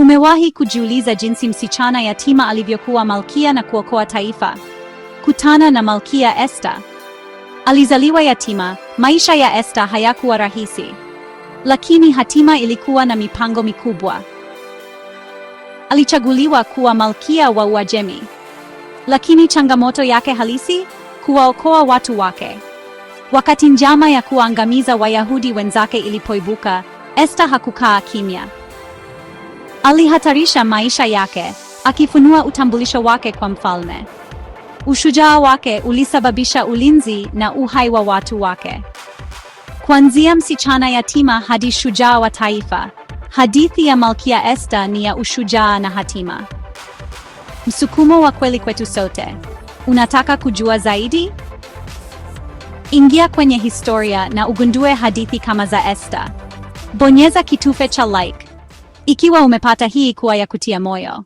Umewahi kujiuliza jinsi msichana yatima alivyokuwa malkia na kuokoa taifa? Kutana na Malkia Esta. Alizaliwa yatima, maisha ya Esta hayakuwa rahisi. Lakini hatima ilikuwa na mipango mikubwa. Alichaguliwa kuwa malkia wa Uajemi. Lakini changamoto yake halisi, kuwaokoa watu wake. Wakati njama ya kuangamiza Wayahudi wenzake ilipoibuka, Esta hakukaa kimya. Alihatarisha maisha yake, akifunua utambulisho wake kwa mfalme. Ushujaa wake ulisababisha ulinzi na uhai wa watu wake. Kuanzia msichana yatima hadi shujaa wa taifa, hadithi ya Malkia Esta ni ya ushujaa na hatima. Msukumo wa kweli kwetu sote. Unataka kujua zaidi? Ingia kwenye historia na ugundue hadithi kama za Esta. Bonyeza kitufe cha like. Ikiwa umepata hii kuwa ya kutia moyo